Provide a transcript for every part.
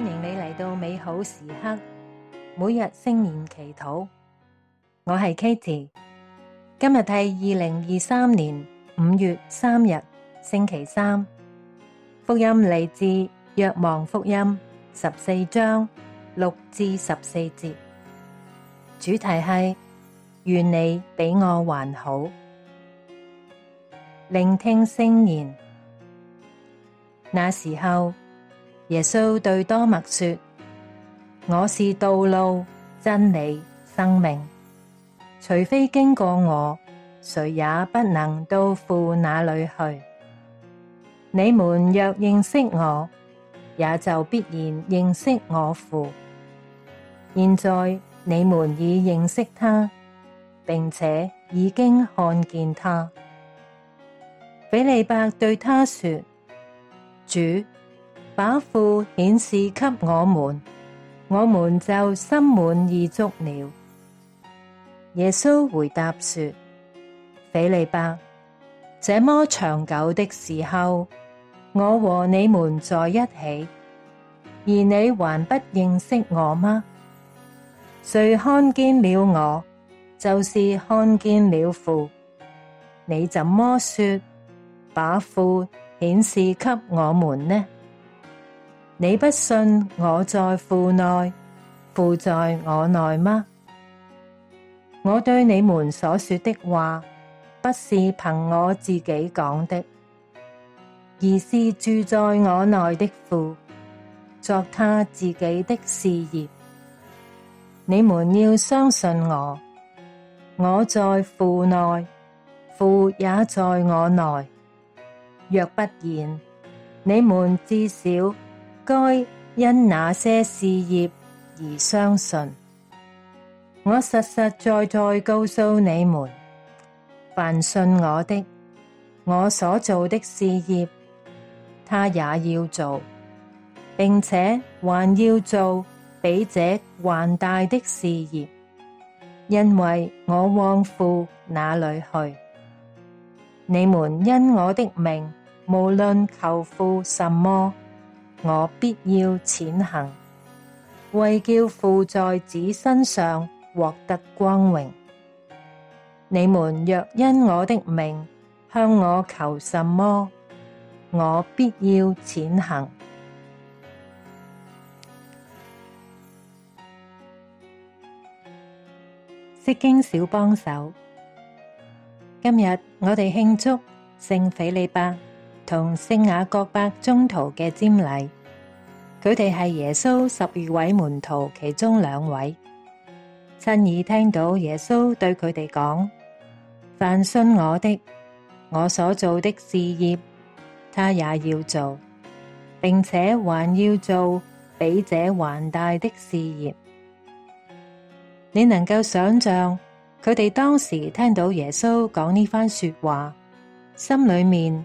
歡迎你嚟到美好時刻，每日聖言祈禱。我係 Katie，今日係二零二三年五月三日星期三。福音嚟自《若望福音》十四章六至十四節，主題係願你比我還好。聆聽聖言，那時候。耶穌對多默說：我是道路、真理、生命，除非經過我，誰也不能到父那裡去。你們若認識我，也就必然認識我父。現在你們已認識他，並且已經看見他。斐理伯對他說：主。把父顯示給我們，我們就心滿意足了。耶穌回答說：斐理伯，這麼長久的時候，我和你們在一起，而你還不認識我嗎？誰看見了我，就是看見了父。你怎麼說，把父顯示給我們呢？你不信我在父內，父在我內嗎？我對你們所說的話，不是憑我自己講的，而是住在我內的父作他自己的事業。你們要相信我，我在父內，父也在我內。若不然，你們至少。該因那些事業而相信。我實實在在告訴你們，凡信我的，我所做的事業，他也要做，並且還要做比這還大的事業，因為我往父那裏去。你們因我的名，無論求父什麼。我必要踐行，為叫父在子身上獲得光榮。你們若因我的名向我求什麼，我必要踐行。釋經小幫手，今日我哋慶祝聖斐理伯。同聖雅各伯宗徒嘅瞻禮，佢哋係耶穌十二位門徒其中兩位，親耳聽到耶穌對佢哋講：凡信我的，我所做的事業，他也要做，並且還要做比這還大的事業。你能夠想象佢哋當時聽到耶穌講呢番說話，心裡面，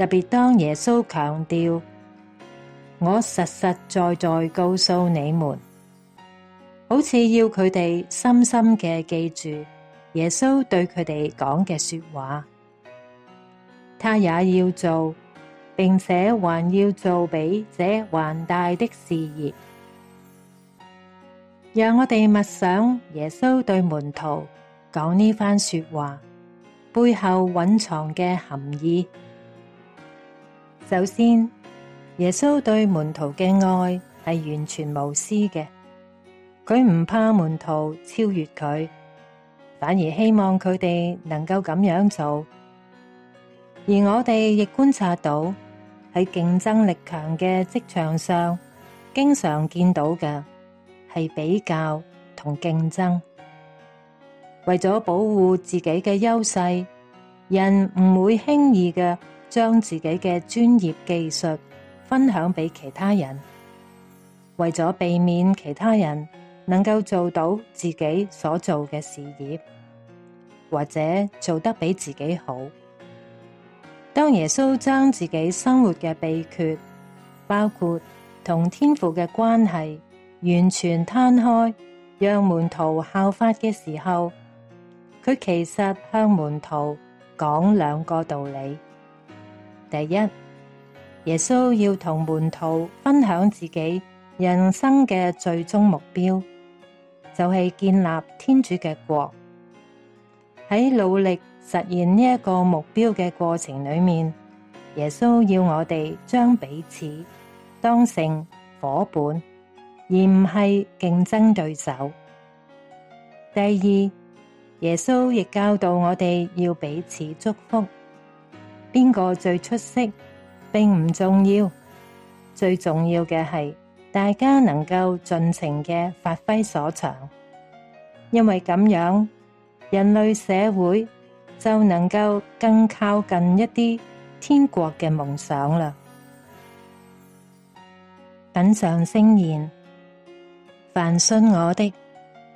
特別當耶穌強調，我實實在在告訴你們，好似要佢哋深深嘅記住耶穌對佢哋講嘅說話，他也要做，並且還要做比這還大的事業。讓我哋默想耶穌對門徒講呢番說話背後蘊藏嘅含義。首先，耶穌對門徒嘅愛係完全無私嘅，佢唔怕門徒超越佢，反而希望佢哋能夠咁樣做。而我哋亦觀察到喺競爭力強嘅職場上，經常見到嘅係比較同競爭，為咗保護自己嘅優勢，人唔會輕易嘅。將自己嘅專業技術分享俾其他人，為咗避免其他人能夠做到自己所做嘅事業，或者做得比自己好。當耶穌將自己生活嘅秘訣，包括同天父嘅關係，完全攤開，讓門徒效法嘅時候，佢其實向門徒講兩個道理。第一，耶穌要同門徒分享自己人生嘅最終目標，就係建立天主嘅國。喺努力實現呢一個目標嘅過程裏面，耶穌要我哋將彼此當成夥伴，而唔係競爭對手。第二，耶穌亦教導我哋要彼此祝福。邊個最出色，並唔重要，最重要嘅係大家能夠盡情嘅發揮所長，因為咁樣人類社會就能夠更靠近一啲天國嘅夢想啦。品嚐聖言，凡信我的，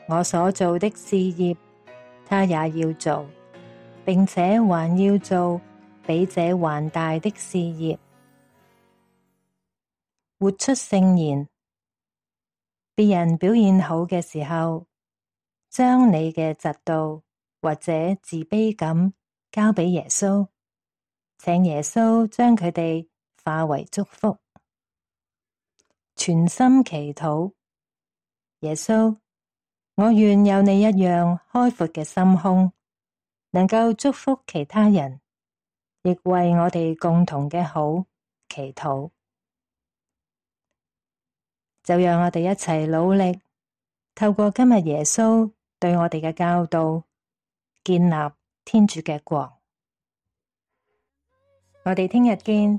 我所做的事業，他也要做，並且還要做。比這還大的事業，活出聖言。別人表現好嘅時候，將你嘅嫉妒或者自卑感交俾耶穌，請耶穌將佢哋化為祝福。全心祈禱，耶穌，我願有你一樣開闊嘅心胸，能夠祝福其他人。亦為我哋共同嘅好祈禱，就讓我哋一齊努力，透過今日耶穌對我哋嘅教導，建立天主嘅國。我哋聽日見。